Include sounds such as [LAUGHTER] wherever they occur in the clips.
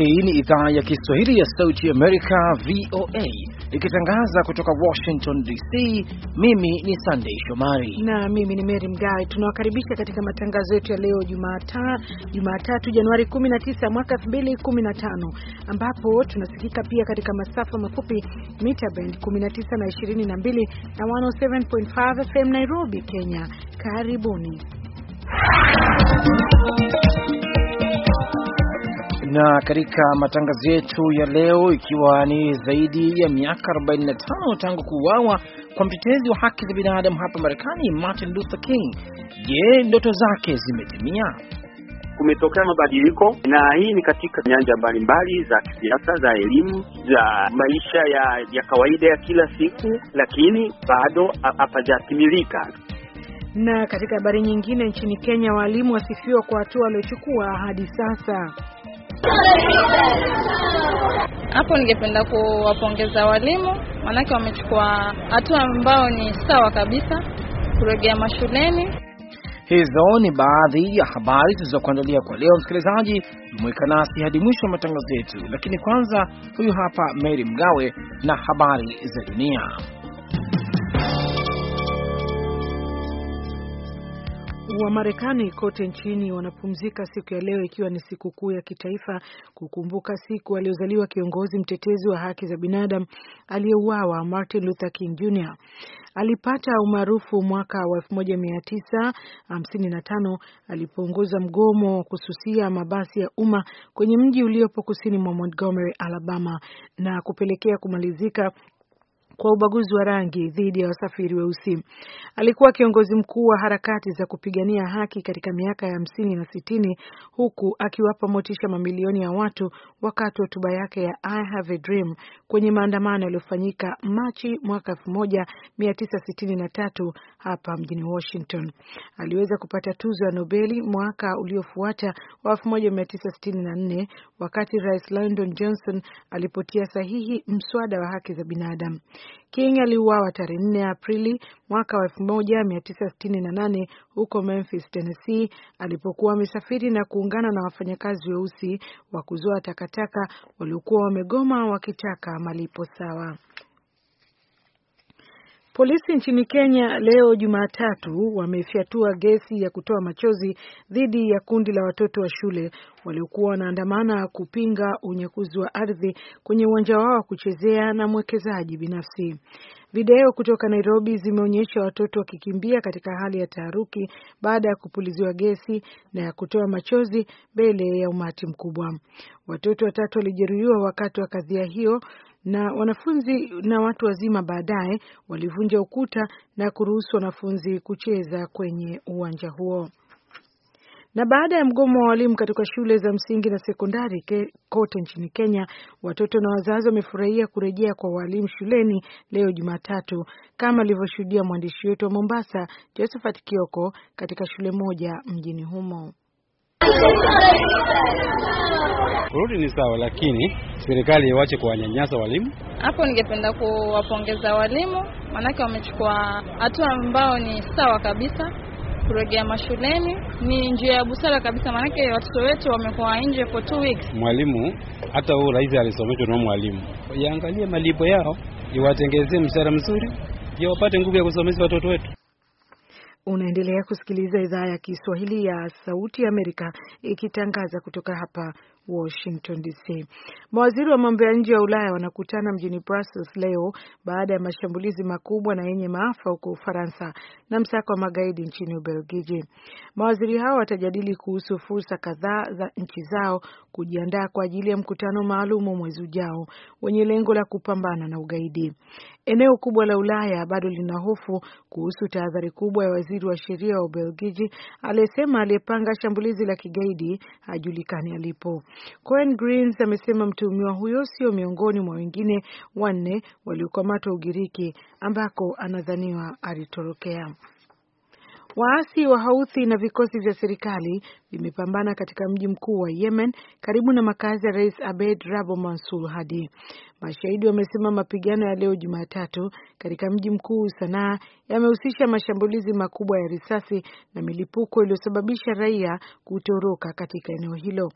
Hii ni idhaa ya Kiswahili ya Sauti ya Amerika, VOA, ikitangaza kutoka Washington DC. Mimi ni Sandei Shomari na mimi ni mary Mgawe. Tunawakaribisha katika matangazo yetu ya leo Jumatatu, Januari 19 mwaka 2015, ambapo tunasikika pia katika masafa mafupi mita band 19 na 22 na 107.5 FM Nairobi, Kenya. Karibuni na katika matangazo yetu ya leo, ikiwa ni zaidi ya miaka 45 tangu kuuawa kwa mtetezi wa haki za binadamu hapa Marekani Martin Luther King, je, ndoto zake zimetimia? Kumetokea mabadiliko na hii ni katika nyanja mbalimbali za kisiasa, za elimu, za maisha ya, ya kawaida ya kila siku, lakini bado hapajatimilika. Na katika habari nyingine, nchini Kenya, waalimu wasifiwa kwa hatua waliochukua hadi sasa. Hapo ningependa kuwapongeza walimu, manake wamechukua hatua ambayo ni sawa kabisa kurejea mashuleni. Hizo ni baadhi ya habari zilizokuandalia kwa leo. Msikilizaji, jumuika nasi hadi mwisho wa matangazo yetu, lakini kwanza, huyu hapa Mary Mgawe na habari za dunia. Wamarekani kote nchini wanapumzika siku ya leo ikiwa ni sikukuu ya kitaifa kukumbuka siku aliyozaliwa kiongozi mtetezi wa haki za binadamu aliyeuawa Martin Luther King Jr. Alipata umaarufu mwaka wa 1955 alipoongoza mgomo wa kususia mabasi ya umma kwenye mji uliopo kusini mwa Montgomery, Alabama na kupelekea kumalizika kwa ubaguzi wa rangi dhidi ya wasafiri weusi. Alikuwa kiongozi mkuu wa harakati za kupigania haki katika miaka ya hamsini na sitini huku akiwapa motisha mamilioni ya watu wakati wa hotuba yake ya I have a dream kwenye maandamano yaliyofanyika Machi mwaka tatu hapa mjini Washington. Aliweza kupata tuzo ya Nobeli mwaka uliofuata wa nne wakati Rais Lyndon Johnson alipotia sahihi mswada wa haki za binadamu. King aliuawa tarehe 4 Aprili mwaka wa 1968 huko Memphis, Tennessee, alipokuwa amesafiri na kuungana na wafanyakazi weusi wa kuzoa takataka waliokuwa wamegoma wakitaka malipo sawa. Polisi nchini Kenya leo Jumatatu wamefyatua gesi ya kutoa machozi dhidi ya kundi la watoto wa shule waliokuwa wanaandamana kupinga unyakuzi wa ardhi kwenye uwanja wao wa kuchezea na mwekezaji binafsi. Video kutoka Nairobi zimeonyesha watoto wakikimbia katika hali ya taharuki baada ya kupuliziwa gesi na ya kutoa machozi mbele ya umati mkubwa. Watoto watatu walijeruhiwa wakati wa kadhia hiyo na wanafunzi na watu wazima baadaye walivunja ukuta na kuruhusu wanafunzi kucheza kwenye uwanja huo. Na baada ya mgomo wa walimu katika shule za msingi na sekondari kote nchini Kenya, watoto na wazazi wamefurahia kurejea kwa walimu shuleni leo Jumatatu, kama alivyoshuhudia mwandishi wetu wa Mombasa, Josephat Kioko, katika shule moja mjini humo kurudi ni sawa, lakini serikali iwache kuwanyanyasa walimu. Hapo ningependa kuwapongeza walimu, maanake wamechukua hatua ambao ni sawa kabisa. Kurejea mashuleni ni njia ya busara kabisa, maanake watoto wetu wamekuwa nje for two weeks. Mwalimu hata huyu rais alisomeshwa na mwalimu, yaangalie malipo yao, iwatengezee mshahara mzuri, ndio wapate nguvu ya kusomesha watoto wetu. Unaendelea kusikiliza idhaa ya Kiswahili ya Sauti ya Amerika ikitangaza kutoka hapa Washington DC. Mawaziri wa mambo ya nje ya Ulaya wanakutana mjini Brussels leo baada ya mashambulizi makubwa na yenye maafa huko Ufaransa na msako wa magaidi nchini Ubelgiji. Mawaziri hao watajadili kuhusu fursa kadhaa za nchi zao kujiandaa kwa ajili ya mkutano maalumu mwezi ujao wenye lengo la kupambana na ugaidi. Eneo kubwa la Ulaya bado lina hofu kuhusu tahadhari kubwa ya waziri wa sheria wa Ubelgiji aliyesema aliyepanga shambulizi la kigaidi hajulikani alipo. Cohen Greens amesema mtuhumiwa huyo sio miongoni mwa wengine wanne waliokamatwa Ugiriki ambako anadhaniwa alitorokea. Waasi wa Houthi na vikosi vya serikali vimepambana katika mji mkuu wa Yemen karibu na makazi ya Rais Abed Rabo Mansur Hadi. Mashahidi wamesema mapigano ya leo Jumatatu katika mji mkuu Sanaa yamehusisha mashambulizi makubwa ya risasi na milipuko iliyosababisha raia kutoroka katika eneo hilo.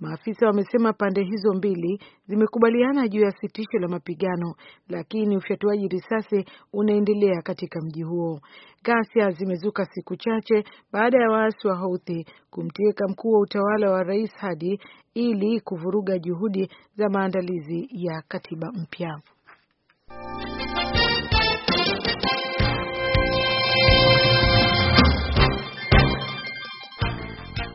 Maafisa wamesema pande hizo mbili zimekubaliana juu ya sitisho la mapigano, lakini ufyatuaji risasi unaendelea katika mji huo. Ghasia zimezuka siku chache baada ya waasi wa Houthi kum kumteka mkuu wa utawala wa Rais Hadi ili kuvuruga juhudi za maandalizi ya katiba mpya.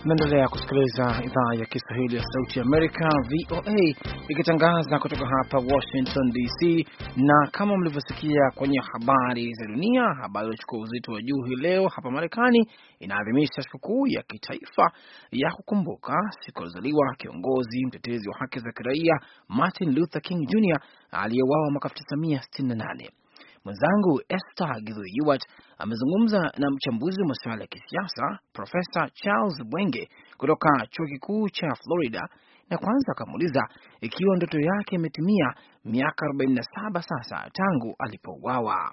Naendelea kusikiliza idhaa ya Kiswahili ya Sauti Amerika, VOA, ikitangaza kutoka hapa Washington DC. Na kama mlivyosikia kwenye habari za dunia, habari iliochukua uzito wa juu hii leo hapa Marekani inaadhimisha sikukuu ya kitaifa ya kukumbuka siku alizaliwa kiongozi mtetezi wa haki za kiraia Martin Luther King Jr aliyeuawa mwaka 1968. Mwenzangu Esther Githui amezungumza na mchambuzi wa masuala ya kisiasa Profesa Charles Bwenge kutoka chuo kikuu cha Florida, na kwanza akamuuliza ikiwa ndoto yake imetimia miaka 47 sasa tangu alipouawa.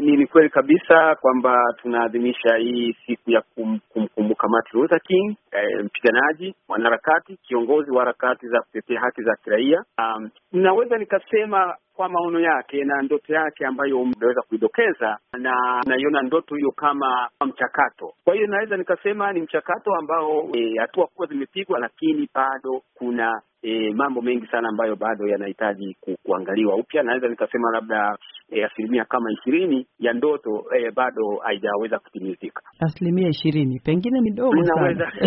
Ni kweli kabisa kwamba tunaadhimisha hii siku ya kumkumbuka Martin Luther King, e, mpiganaji, mwanaharakati, kiongozi wa harakati za kutetea haki za kiraia. Um, naweza nikasema kwa maono yake na ndoto yake ambayo umeweza kuidokeza, na naiona ndoto hiyo kama mchakato. Kwa hiyo naweza nikasema ni mchakato ambao e, hatua e, kubwa zimepigwa, lakini bado kuna e, mambo mengi sana ambayo bado yanahitaji ku, kuangaliwa upya. Naweza nikasema labda eh, asilimia kama ishirini ya ndoto eh, bado haijaweza kutimizika. Asilimia ishirini pengine ni dogo sana. [LAUGHS]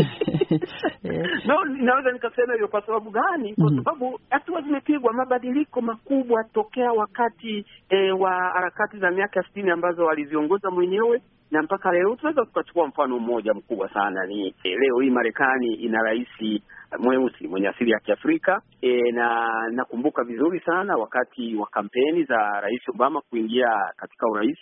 Eh. [LAUGHS] No, naweza nikasema hivyo kwa sababu gani? Kwa mhm. sababu hatua zimepigwa, mabadiliko makubwa tokea wakati eh, wa harakati za miaka sitini ambazo waliziongoza mwenyewe na mpaka leo tunaweza tukachukua mfano mmoja mkubwa sana ni e, leo hii Marekani ina rais eh, mweusi mwenye asili ya Kiafrika e, na nakumbuka vizuri sana wakati wa kampeni za Rais Obama kuingia katika urais,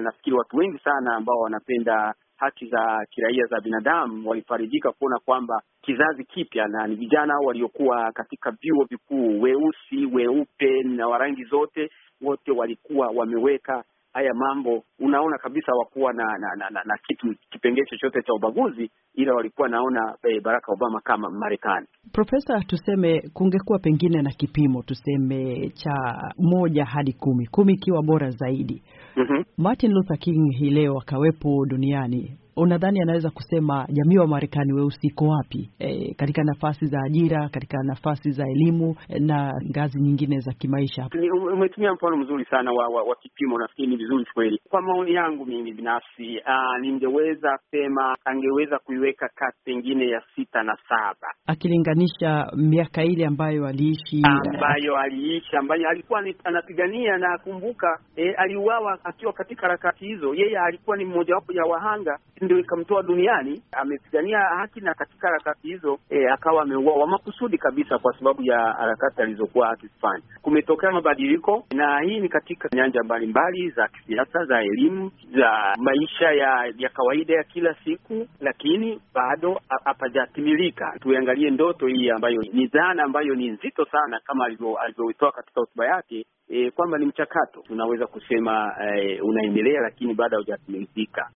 nafikiri watu wengi sana ambao wanapenda haki za kiraia za binadamu walifarijika kuona kwamba kizazi kipya na ni vijana waliokuwa katika vyuo vikuu weusi, weupe na warangi zote, wote walikuwa wameweka haya mambo, unaona kabisa wakuwa na na, na, na na kitu kipengee chochote cha ubaguzi, ila walikuwa naona eh, Barack Obama kama Marekani. Profesa, tuseme kungekuwa pengine na kipimo tuseme cha moja hadi kumi, kumi ikiwa bora zaidi. mm -hmm. Martin Luther King hii leo akawepo duniani unadhani anaweza kusema jamii wa Marekani weusi iko wapi e, katika nafasi za ajira, katika nafasi za elimu eh, na ngazi nyingine za kimaisha? Um, umetumia mfano mzuri sana wa, wa, wa kipimo. Nafikiri ni vizuri kweli. Kwa maoni yangu mimi binafsi, ah, ningeweza sema angeweza kuiweka kati pengine ya sita na saba, akilinganisha miaka ile ambayo aliishi eh, ambayo aliishi ambayo alikuwa anapigania na kumbuka, e, aliuawa akiwa katika harakati hizo. Yeye alikuwa ni mmojawapo ya wahanga ndio ikamtoa duniani. Amepigania haki na katika harakati hizo e, akawa ameuawa makusudi kabisa kwa sababu ya harakati alizokuwa akifanya. Kumetokea mabadiliko, na hii ni katika nyanja mbalimbali za kisiasa, za elimu, za maisha ya, ya kawaida ya kila siku, lakini bado hapajatimilika. Tuiangalie ndoto hii ambayo ni dhana ambayo ni nzito sana, kama alivyoitoa katika hotuba yake e, kwamba ni mchakato tunaweza kusema e, unaendelea, lakini bado haujatimilizika.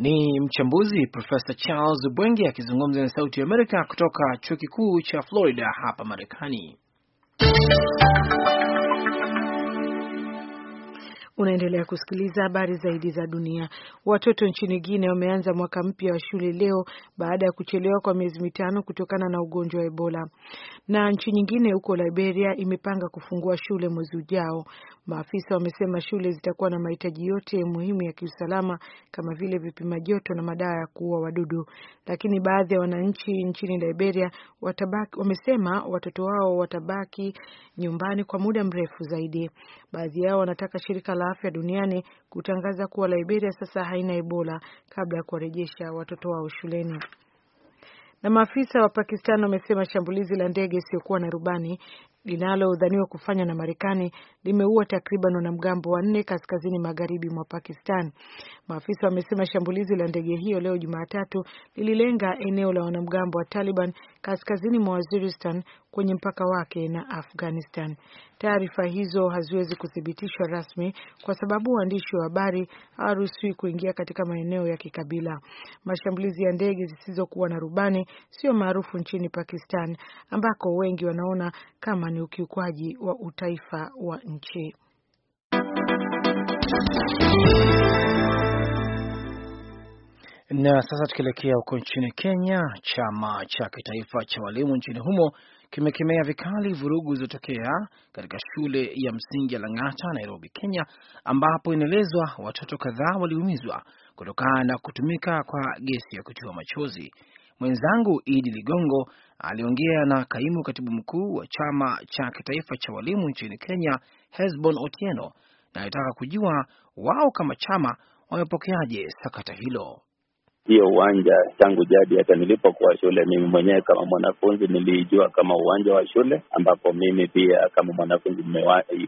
Ni mchambuzi Profesa Charles Bwenge akizungumza na Sauti ya Amerika kutoka chuo kikuu cha Florida hapa Marekani. Unaendelea kusikiliza habari zaidi za dunia. Watoto nchini Guinea wameanza mwaka mpya wa shule leo baada ya kuchelewa kwa miezi mitano kutokana na ugonjwa wa Ebola. Na nchi nyingine huko Liberia imepanga kufungua shule mwezi ujao. Maafisa wamesema shule zitakuwa na mahitaji yote muhimu ya kiusalama kama vile vipima joto na madawa ya kuua wadudu, lakini baadhi ya wananchi nchini Liberia watabaki, wamesema watoto wao watabaki nyumbani kwa muda mrefu zaidi. Baadhi yao wanataka shirika la Afya Duniani kutangaza kuwa Liberia sasa haina Ebola kabla ya kuwarejesha watoto wao shuleni. Na maafisa wa Pakistan wamesema shambulizi la ndege isiyokuwa na rubani linalodhaniwa kufanywa na Marekani limeua takriban wanamgambo wanne kaskazini magharibi mwa Pakistan. Maafisa wamesema shambulizi la ndege hiyo leo Jumatatu lililenga eneo la wanamgambo wa Taliban kaskazini mwa Waziristan kwenye mpaka wake na Afghanistan. Taarifa hizo haziwezi kuthibitishwa rasmi kwa sababu waandishi wa habari hawaruhusiwi kuingia katika maeneo ya kikabila. Mashambulizi ya ndege zisizokuwa na rubani sio maarufu nchini Pakistan, ambako wengi wanaona kama ni ukiukwaji wa utaifa wa nchi. Na sasa tukielekea huko nchini Kenya, chama cha kitaifa cha walimu nchini humo kimekemea vikali vurugu zilizotokea katika shule ya msingi ya Lang'ata, Nairobi, Kenya, ambapo inaelezwa watoto kadhaa waliumizwa kutokana na kutumika kwa gesi ya kutoa machozi. Mwenzangu Idi Ligongo aliongea na kaimu katibu mkuu wa chama cha kitaifa cha walimu nchini Kenya, Hesbon Otieno, na alitaka kujua wao kama chama wamepokeaje sakata hilo hiyo uwanja tangu jadi. Hata nilipokuwa shule, mimi mwenyewe kama mwanafunzi nilijua kama uwanja wa shule, ambapo mimi pia kama mwanafunzi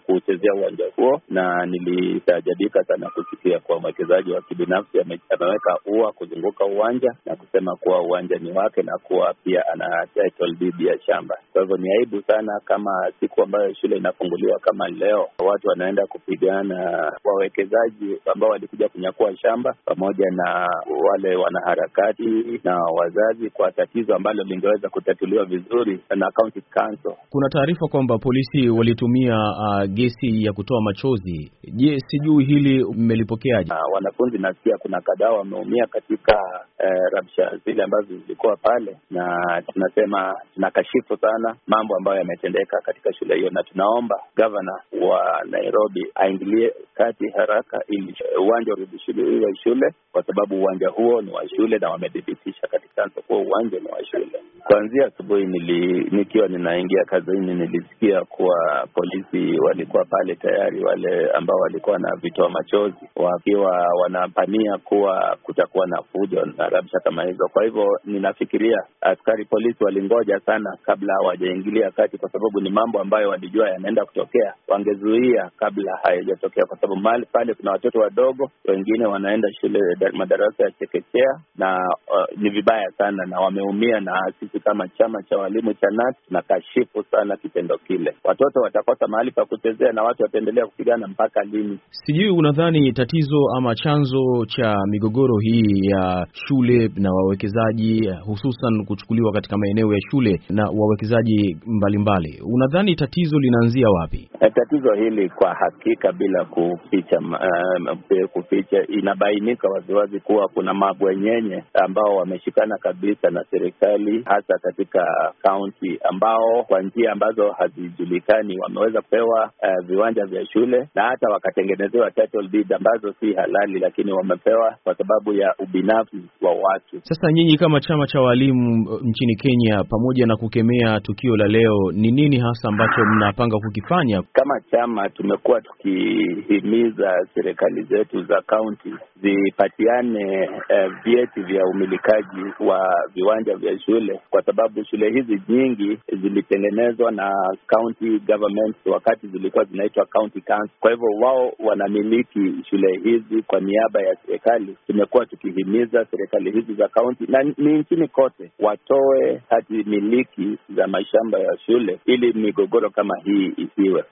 kuchezea uwanja huo, na nilitajabika sana kusikia kuwa mwekezaji wa kibinafsi ameweka ua kuzunguka uwanja na kusema kuwa uwanja ni wake na kuwa pia ana title deed ya shamba. Kwa hivyo ni aibu sana kama siku ambayo shule inafunguliwa kama leo, watu wanaenda kupigana, wawekezaji ambao walikuja kunyakua shamba pamoja na wale wa wanaharakati na wazazi kwa tatizo ambalo lingeweza kutatuliwa vizuri na county council. Kuna taarifa kwamba polisi walitumia uh, gesi ya kutoa machozi. Je, sijui hili mmelipokeaje? Uh, wanafunzi nasikia kuna kadhaa wameumia katika uh, rabsha zile ambazo zilikuwa pale, na tunasema tunakashifu sana mambo ambayo yametendeka katika shule hiyo, na tunaomba gavana wa Nairobi aingilie kati haraka ili uwanja urudishiwe shule, kwa sababu uwanja huo ni wa shule na wamedhibitisha katika soko uwanja ni wa shule. Kuanzia asubuhi nili, nikiwa ninaingia kazini nilisikia kuwa polisi walikuwa pale tayari, wale ambao walikuwa na vitoa machozi wakiwa wanapania kuwa kutakuwa na fujo na rabsha kama hizo. Kwa hivyo ninafikiria askari polisi walingoja sana kabla hawajaingilia kati, kwa sababu ni mambo ambayo walijua yanaenda kutokea, wangezuia kabla hayajatokea, kwa sababu mali pale kuna watoto wadogo, wengine wanaenda shule madarasa ya chekechea vibaya na uh, ni vibaya sana na wameumia, na sisi kama chama cha walimu cha NAT kashifu sana kitendo kile. Watoto watakosa mahali pa kuchezea na watu wataendelea kupigana mpaka lini? Sijui unadhani tatizo ama chanzo cha migogoro hii ya shule na wawekezaji, hususan kuchukuliwa katika maeneo ya shule na wawekezaji mbalimbali, unadhani tatizo linaanzia wapi? E, tatizo hili kwa hakika bila kuficha, uh, kuficha inabainika waziwazi kuwa kuna mabwe wenyenye ambao wameshikana kabisa na serikali, hasa katika kaunti, ambao kwa njia ambazo hazijulikani wameweza kupewa uh, viwanja vya shule na hata wakatengenezewa title deed ambazo si halali, lakini wamepewa kwa sababu ya ubinafsi wa watu. Sasa nyinyi kama chama cha walimu eh, nchini Kenya, pamoja na kukemea tukio la leo, ni nini hasa ambacho mnapanga kukifanya? Kama chama tumekuwa tukihimiza serikali zetu za kaunti zipatiane eh, vyeti vya umilikaji wa viwanja vya shule, kwa sababu shule hizi nyingi zilitengenezwa na county government wakati zilikuwa zinaitwa county council. Kwa hivyo wao wanamiliki shule hizi kwa niaba ya serikali. Tumekuwa tukihimiza serikali hizi za kaunti na ni nchini kote watoe hati miliki za mashamba ya shule ili migogoro kama hii isiwe.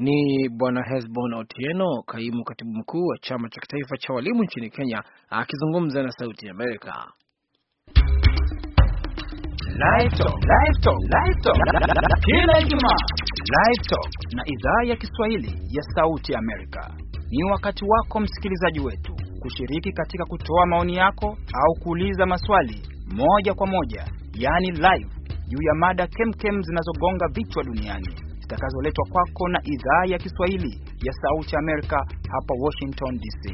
Ni Bwana Hesbon Otieno, kaimu katibu mkuu wa chama cha kitaifa cha walimu nchini Kenya, akizungumza na Sauti ya Amerika. Kila Ijumaa Live Talk na idhaa ya Kiswahili ya Sauti ya Amerika, ni wakati wako msikilizaji wetu kushiriki katika kutoa maoni yako au kuuliza maswali moja kwa moja, yaani live, juu ya mada kemkem zinazogonga vichwa duniani zitakazoletwa kwako na idhaa ya Kiswahili ya Sauti Amerika hapa Washington DC.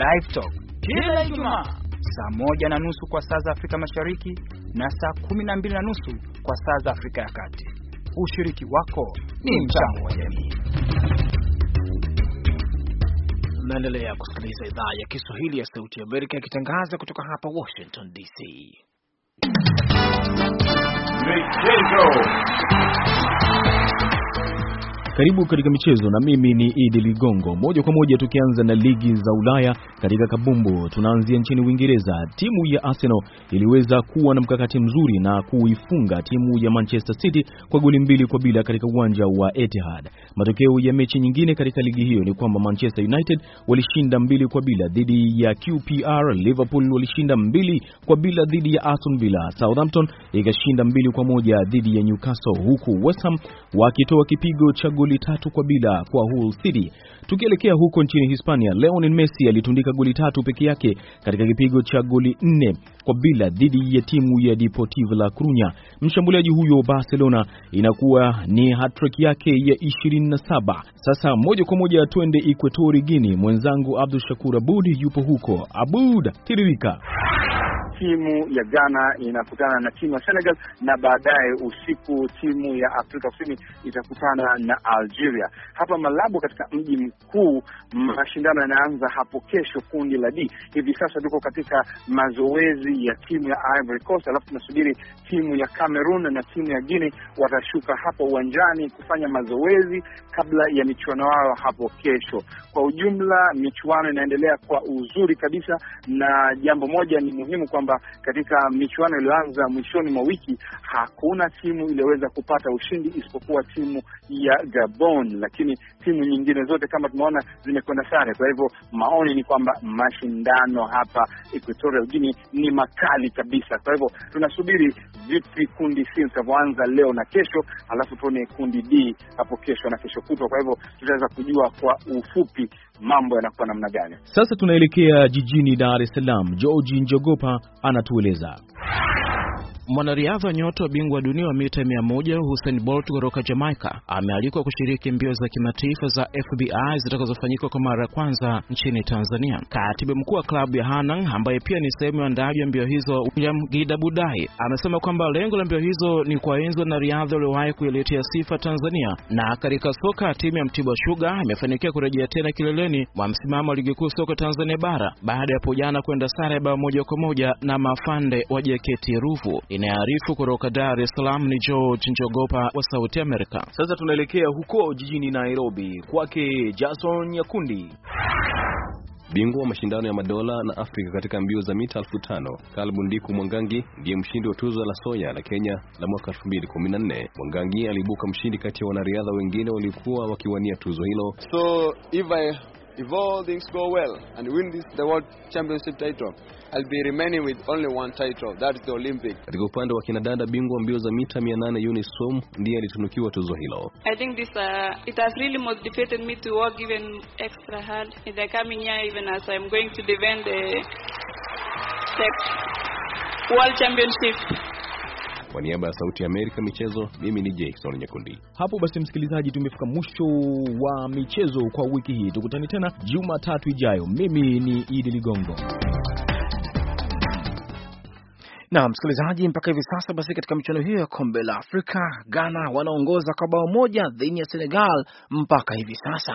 Live Talk kila Ijumaa saa moja na nusu kwa saa za Afrika Mashariki na saa kumi na mbili na nusu kwa saa za Afrika ya Kati. Ushiriki wako ni mchango wa jamii. Naendelea kusikiliza idhaa ya Kiswahili ya Sauti ya Amerika ikitangaza kutoka hapa Washington DC. Michezo karibu katika michezo na mimi ni Idi Ligongo. Moja kwa moja tukianza na ligi za Ulaya katika kabumbu, tunaanzia nchini Uingereza. Timu ya Arsenal iliweza kuwa na mkakati mzuri na kuifunga timu ya Manchester City kwa goli mbili kwa bila katika uwanja wa Etihad. Matokeo ya mechi nyingine katika ligi hiyo ni kwamba Manchester United walishinda mbili kwa bila dhidi ya QPR, Liverpool walishinda mbili kwa bila dhidi ya Aston Villa, Southampton ikashinda mbili kwa moja dhidi ya Newcastle, huku West Ham wakitoa kipigo cha goli goli tatu kwa bila kwa Hull City. Tukielekea huko nchini Hispania, Lionel Messi alitundika goli tatu peke yake katika kipigo cha goli nne kwa bila dhidi ya timu ya Deportivo La Coruña. Mshambuliaji huyo Barcelona inakuwa ni hat-trick yake ya 27. Sasa moja kwa moja twende Equatori Guinea, mwenzangu Abdul Shakur Abud yupo huko. Abud, tiririka timu ya Ghana inakutana na timu ya Senegal na baadaye usiku timu ya Afrika Kusini itakutana na Algeria hapa Malabo, katika mji mkuu. Mashindano yanaanza hapo kesho, kundi la D. Hivi sasa tuko katika mazoezi ya timu ya Ivory Coast, alafu tunasubiri timu ya Cameroon na timu ya Guinea watashuka hapo uwanjani kufanya mazoezi kabla ya michuano yao hapo kesho. Kwa ujumla, michuano inaendelea kwa uzuri kabisa, na jambo moja ni muhimu kwamba kwamba katika michuano iliyoanza mwishoni mwa wiki hakuna timu iliyoweza kupata ushindi isipokuwa timu ya Gabon, lakini timu nyingine zote kama tumeona zimekwenda sare. Kwa hivyo maoni ni kwamba mashindano hapa Equatorial Guinea ni makali kabisa. Kwa hivyo tunasubiri vipi kundi C litavyoanza leo na kesho, alafu tuone kundi D hapo kesho na kesho kutwa. Kwa hivyo tutaweza kujua kwa ufupi mambo yanakuwa namna gani. Sasa tunaelekea jijini Dar es Salaam. George Njogopa anatueleza. Mwanariadha nyota bingwa wa dunia wa mita 100 Usain Bolt kutoka Jamaica amealikwa kushiriki mbio za kimataifa za FBI zitakazofanyika kwa mara ya kwanza nchini Tanzania. Katibu mkuu wa klabu ya Hanang ambaye pia ni sehemu ya ndaji ya mbio hizo, William Gida Budai amesema kwamba lengo la mbio hizo ni kuwaenzi wanariadha waliowahi kuiletea sifa Tanzania. Na katika soka, timu ya Mtibwa Sugar imefanikiwa kurejea tena kileleni mwa msimamo wa ligi kuu soka Tanzania bara baada ya hapo jana kwenda sare ya bao moja kwa moja na Mafande wa JKT Ruvu. Inayoarifu kutoka Dar es Salaam ni George Njogopa wa Sauti Amerika. Sasa tunaelekea huko jijini Nairobi kwake Jason Nyakundi. Bingwa wa mashindano ya madola na Afrika katika mbio za mita elfu tano Kalbu Ndiku Mwangangi ndiye mshindi wa tuzo la Soya la Kenya la mwaka 2014. Mwangangi aliibuka mshindi kati ya wanariadha wengine waliokuwa wakiwania tuzo hilo. So if I If all things go well and win this, the World Championship title, I'll be remaining with only one title, that is the Olympic. Katika upande wa kinadada bingwa mbio za mita 800 ndiye alitunukiwa tuzo hilo. I think this uh, it has really motivated me to work even extra hard in the coming year even as I'm going to defend the World Championship. Kwa niaba ya Sauti ya Amerika michezo, mimi ni jason Nyakundi. Hapo basi, msikilizaji, tumefika mwisho wa michezo kwa wiki hii. Tukutane tena Jumatatu ijayo. Mimi ni Idi Ligongo na msikilizaji, mpaka hivi sasa basi, katika michuano hiyo ya kombe la Afrika, Ghana wanaongoza kwa bao moja dhidi ya Senegal mpaka hivi sasa.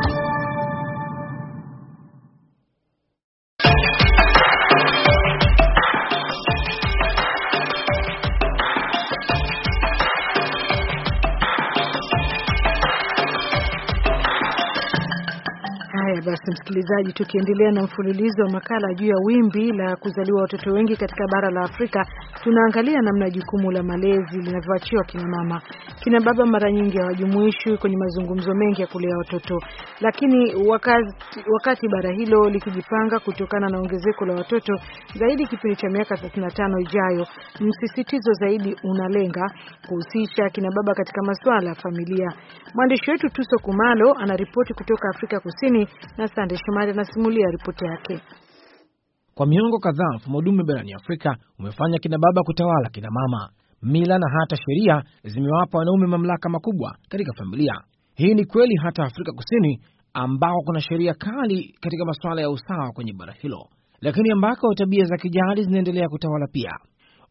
basi msikilizaji, tukiendelea na mfululizo wa makala juu ya wimbi la kuzaliwa watoto wengi katika bara la Afrika, tunaangalia namna jukumu la malezi linavyoachiwa kina mama. Kina baba mara nyingi hawajumuishwi kwenye mazungumzo mengi ya kulea watoto, lakini wakati, wakati bara hilo likijipanga kutokana na ongezeko la watoto zaidi kipindi cha miaka 35 ijayo, msisitizo zaidi unalenga kuhusisha kina baba katika masuala ya familia. Mwandishi wetu Tuso Kumalo anaripoti kutoka Afrika Kusini na Sande Shomari anasimulia ripoti yake. Kwa miongo kadhaa mfumo dume barani Afrika umefanya kina baba kutawala kina mama. Mila na hata sheria zimewapa wanaume mamlaka makubwa katika familia. Hii ni kweli hata Afrika Kusini, ambako kuna sheria kali katika masuala ya usawa kwenye bara hilo, lakini ambako tabia za kijadi zinaendelea kutawala pia.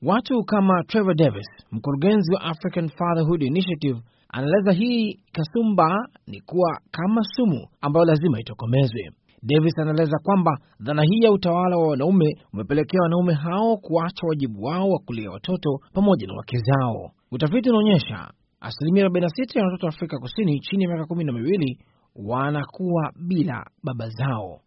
Watu kama Trevor Davis, mkurugenzi wa African Fatherhood Initiative, Anaeleza hii kasumba ni kuwa kama sumu ambayo lazima itokomezwe. Davis anaeleza kwamba dhana hii ya utawala wa wanaume umepelekea wanaume hao kuacha wajibu wao wa kulea watoto pamoja na wake zao. Utafiti unaonyesha asilimia 46 ya watoto wa Afrika Kusini chini ya miaka kumi na miwili wanakuwa bila baba zao,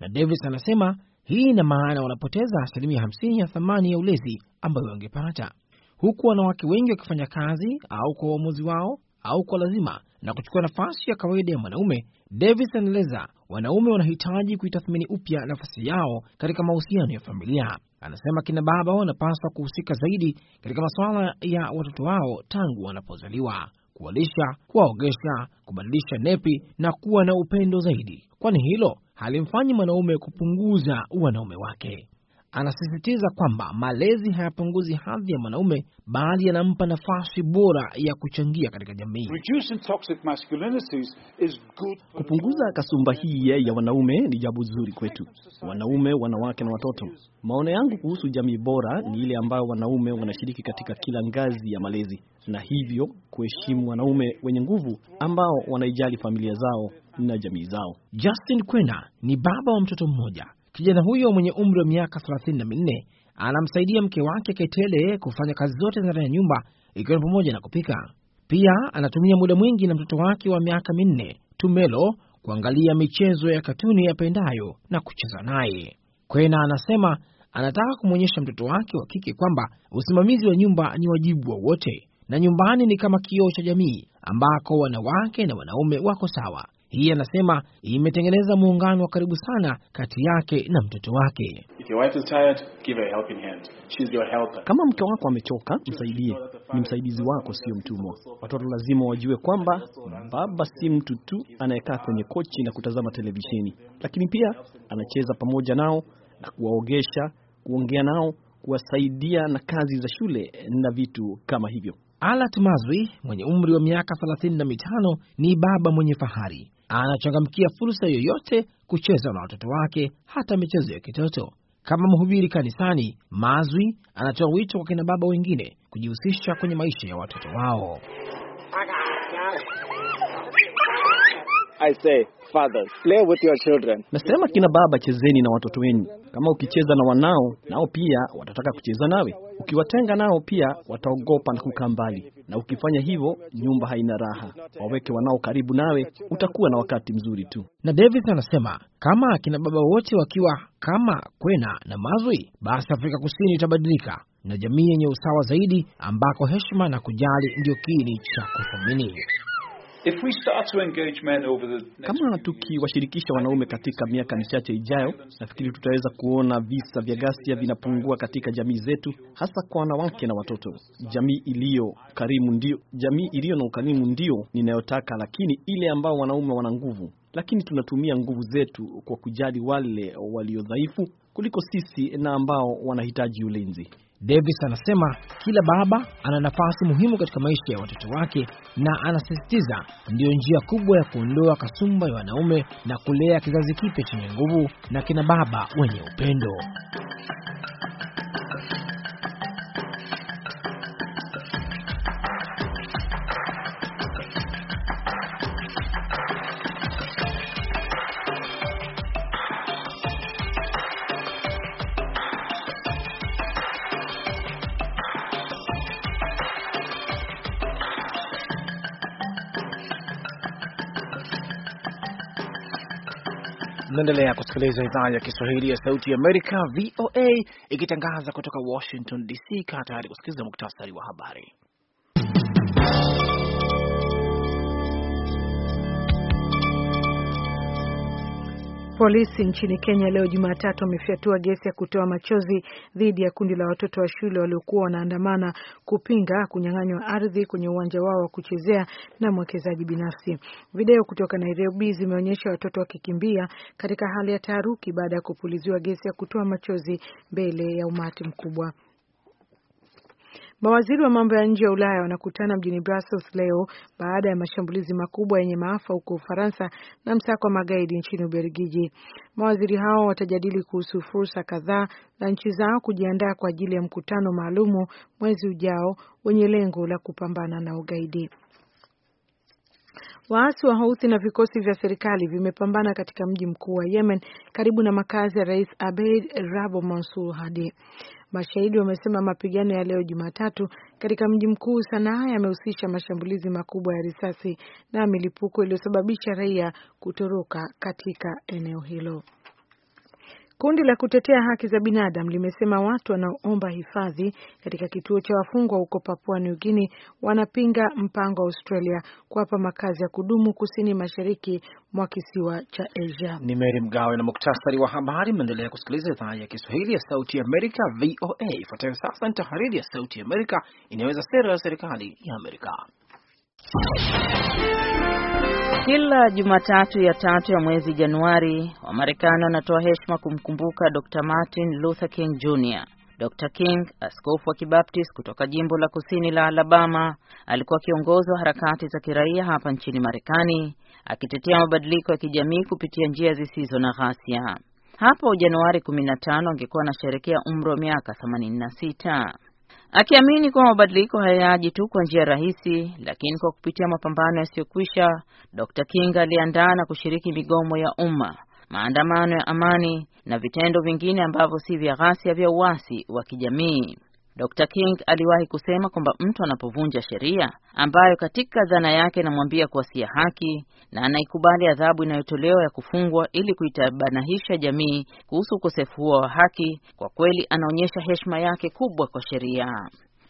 na Davis anasema hii ina maana wanapoteza asilimia 50 ya thamani ya ulezi ambayo wangepata, huku wanawake wengi wakifanya kazi au kwa uamuzi wao au kwa lazima na kuchukua nafasi ya kawaida ya mwanaume. Davis anaeleza wanaume wanahitaji kuitathmini upya nafasi yao katika mahusiano ya familia. Anasema kina baba wanapaswa kuhusika zaidi katika masuala ya watoto wao tangu wanapozaliwa, kuwalisha, kuwaogesha, kubadilisha nepi na kuwa na upendo zaidi, kwani hilo halimfanyi mwanaume kupunguza wanaume wake anasisitiza kwamba malezi hayapunguzi hadhi ya mwanaume bali yanampa nafasi bora ya kuchangia katika jamii. Kupunguza kasumba hii ya wanaume ni jambo zuri kwetu, wanaume, wanawake na watoto. Maono yangu kuhusu jamii bora ni ile ambayo wanaume wanashiriki katika kila ngazi ya malezi, na hivyo kuheshimu wanaume wenye nguvu ambao wanaijali familia zao na jamii zao. Justin Kwena ni baba wa mtoto mmoja Kijana huyo mwenye umri wa miaka 34 anamsaidia mke wake Ketele kufanya kazi zote ndani ya nyumba, ikiwa ni pamoja na kupika. Pia anatumia muda mwingi na mtoto wake wa miaka minne Tumelo kuangalia michezo ya katuni yapendayo na kucheza naye. Kwena anasema anataka kumwonyesha mtoto wake wa kike kwamba usimamizi wa nyumba ni wajibu wa wote na nyumbani ni kama kioo cha jamii ambako wanawake na wanaume wako sawa, hii anasema imetengeneza muungano wa karibu sana kati yake na mtoto wake. kama mke wako amechoka, msaidie. Ni msaidizi wako, sio mtumwa. Watoto lazima wajue kwamba baba si mtu tu anayekaa kwenye kochi na kutazama televisheni, lakini pia anacheza pamoja nao na kuwaogesha, kuongea nao, kuwasaidia na kazi za shule na vitu kama hivyo. Alat Mazwi mwenye umri wa miaka 35 ni baba mwenye fahari anachangamkia fursa yoyote kucheza na watoto wake, hata michezo ya kitoto. Kama mhubiri kanisani, Mazwi anatoa wito kwa kina baba wengine kujihusisha kwenye maisha ya watoto wao. I say, fathers, play with your children. Nasema kina baba, chezeni na watoto wenu kama ukicheza na wanao, nao pia watataka kucheza nawe. Ukiwatenga nao pia wataogopa na kukaa mbali, na ukifanya hivyo, nyumba haina raha. Waweke wanao karibu nawe, utakuwa na wakati mzuri tu. Na Davis anasema kama akina baba wote wakiwa kama Kwena na Mazwi, basi Afrika Kusini itabadilika na jamii yenye usawa zaidi, ambako heshima na kujali ndio kiini cha kuthamini. Kama tukiwashirikisha wanaume katika miaka michache ijayo, nafikiri tutaweza kuona visa vya ghasia vinapungua katika jamii zetu, hasa kwa wanawake na watoto. Jamii iliyo karimu ndio, jamii iliyo na ukarimu ndio ninayotaka, lakini ile ambao wanaume wana nguvu, lakini tunatumia nguvu zetu kwa kujali wale walio dhaifu kuliko sisi na ambao wanahitaji ulinzi. Davis anasema kila baba ana nafasi muhimu katika maisha ya watoto wake, na anasisitiza ndiyo njia kubwa ya kuondoa kasumba ya wanaume na kulea kizazi kipya chenye nguvu na kina baba wenye upendo. Unaendelea kusikiliza idhaa ya Kiswahili ya Sauti ya Amerika, VOA, ikitangaza kutoka Washington DC. Kaa tayari kusikiliza muktasari wa habari. Polisi nchini Kenya leo Jumatatu wamefyatua gesi ya kutoa machozi dhidi ya kundi la watoto wa shule waliokuwa wanaandamana kupinga kunyang'anywa ardhi kwenye uwanja wao wa kuchezea na mwekezaji binafsi. Video kutoka Nairobi zimeonyesha watoto wakikimbia katika hali ya taharuki baada ya kupuliziwa gesi ya kutoa machozi mbele ya umati mkubwa. Mawaziri wa mambo ya nje ya Ulaya wanakutana mjini Brussels leo baada ya mashambulizi makubwa yenye maafa huko Ufaransa na msako wa magaidi nchini Ubelgiji. Mawaziri hao watajadili kuhusu fursa kadhaa na nchi zao kujiandaa kwa ajili ya mkutano maalumu mwezi ujao wenye lengo la kupambana na ugaidi. Waasi wa Houthi na vikosi vya serikali vimepambana katika mji mkuu wa Yemen karibu na makazi ya Rais Abed Rabo Mansur Hadi. Mashahidi wamesema mapigano ya leo Jumatatu katika mji mkuu Sanaa yamehusisha mashambulizi makubwa ya risasi na milipuko iliyosababisha raia kutoroka katika eneo hilo. Kundi la kutetea haki za binadamu limesema watu wanaoomba hifadhi katika kituo cha wafungwa huko Papua New Guinea wanapinga mpango wa Australia kuwapa makazi ya kudumu kusini mashariki mwa kisiwa cha Asia. Ni Meri Mgawe na muktasari wa habari. Mnaendelea kusikiliza idhaa ya Kiswahili ya Sauti ya Amerika, VOA. Ifuatayo sasa ni tahariri ya Sauti ya Amerika inayoweza sera ya serikali ya Amerika. Kila Jumatatu ya tatu ya mwezi Januari, Wamarekani wanatoa heshima kumkumbuka Dr. Martin Luther King Jr. Dr. King, askofu wa Kibaptist kutoka jimbo la kusini la Alabama, alikuwa wa harakati za kiraia hapa nchini Marekani, akitetea mabadiliko ya kijamii kupitia njia zisizo na ghasia. Hapo Januari 15 angekuwa anasherekea umri wa miaka 86 akiamini kuwa mabadiliko hayaji tu kwa njia rahisi, lakini kwa kupitia mapambano yasiyokwisha. Dr. King aliandaa na kushiriki migomo ya umma, maandamano ya amani na vitendo vingine ambavyo si vya ghasia vya uasi wa kijamii. Dr. King aliwahi kusema kwamba mtu anapovunja sheria ambayo katika dhana yake inamwambia kuwa si ya haki na anaikubali adhabu inayotolewa ya kufungwa ili kuitabanahisha jamii kuhusu ukosefu huo wa haki, kwa kweli anaonyesha heshima yake kubwa kwa sheria.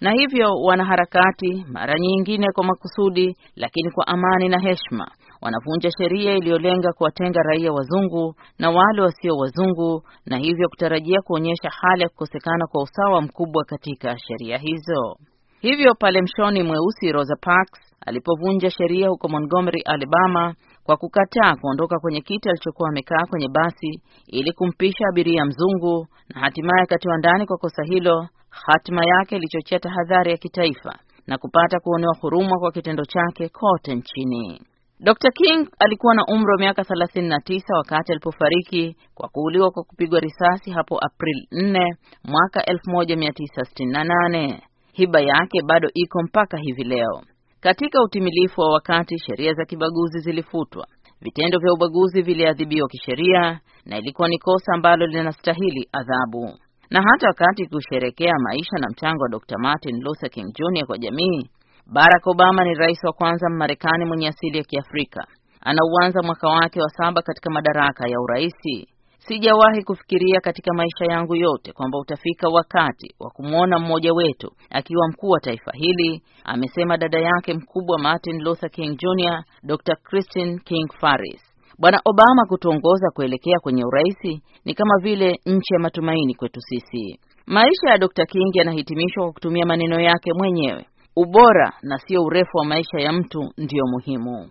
Na hivyo wanaharakati mara nyingine kwa makusudi, lakini kwa amani na heshima wanavunja sheria iliyolenga kuwatenga raia wazungu na wale wasio wazungu na hivyo kutarajia kuonyesha hali ya kukosekana kwa usawa mkubwa katika sheria hizo. Hivyo pale mshoni mweusi Rosa Parks alipovunja sheria huko Montgomery, Alabama kwa kukataa kuondoka kwenye kiti alichokuwa amekaa kwenye basi ili kumpisha abiria mzungu na hatimaye akatiwa ndani kwa kosa hilo, hatima yake ilichochea tahadhari ya kitaifa na kupata kuonewa huruma kwa kitendo chake kote nchini. Dr. King alikuwa na umri wa miaka 39 wakati alipofariki kwa kuuliwa kwa kupigwa risasi hapo April 4 mwaka 1968. Hiba yake bado iko mpaka hivi leo. Katika utimilifu wa wakati, sheria za kibaguzi zilifutwa. Vitendo vya ubaguzi viliadhibiwa kisheria na ilikuwa ni kosa ambalo linastahili adhabu. Na hata wakati kusherekea maisha na mchango wa Dr. Martin Luther King Jr. kwa jamii, Barack Obama ni rais wa kwanza Mmarekani mwenye asili ya Kiafrika. Anauanza mwaka wake wa saba katika madaraka ya uraisi. Sijawahi kufikiria katika maisha yangu yote kwamba utafika wakati wa kumwona mmoja wetu akiwa mkuu wa taifa hili, amesema dada yake mkubwa Martin Luther King Jr, Dr. Christine King Faris. Bwana Obama kutuongoza kuelekea kwenye uraisi ni kama vile nchi ya matumaini kwetu sisi. Maisha ya Dr. King yanahitimishwa kwa kutumia maneno yake mwenyewe. Ubora na sio urefu wa maisha ya mtu ndiyo muhimu.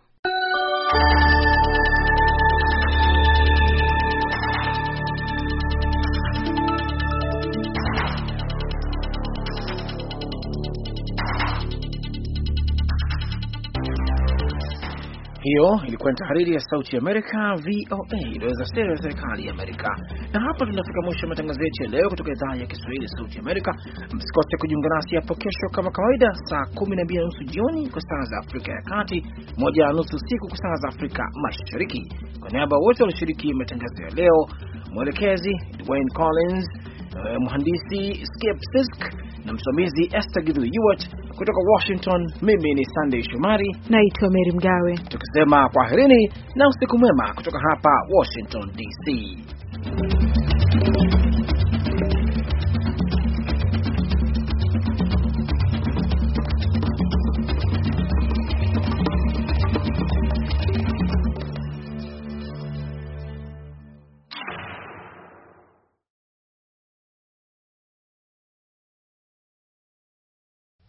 Hiyo ilikuwa ni tahariri ya Sauti ya Amerika, VOA, iliweza sera ya serikali ya Amerika. Na hapa tunafika mwisho wa matangazo yetu ya leo kutoka idhaa ya Kiswahili ya Sauti ya Amerika. Msikose kujiunga nasi hapo kesho kama kawaida, saa 12 na nusu jioni kwa saa za Afrika ya Kati, moja na nusu usiku kwa saa za Afrika Mashariki. Kwa niaba ya wote walioshiriki matangazo ya leo, mwelekezi Dwayne Collins, uh, mhandisi Sisk, na msimamizi Esther Gidhui Yuwat. Kutoka Washington, mimi ni Sunday Shomari naitwa Mary Mgawe, tukisema kwaherini na usiku mwema kutoka hapa Washington DC.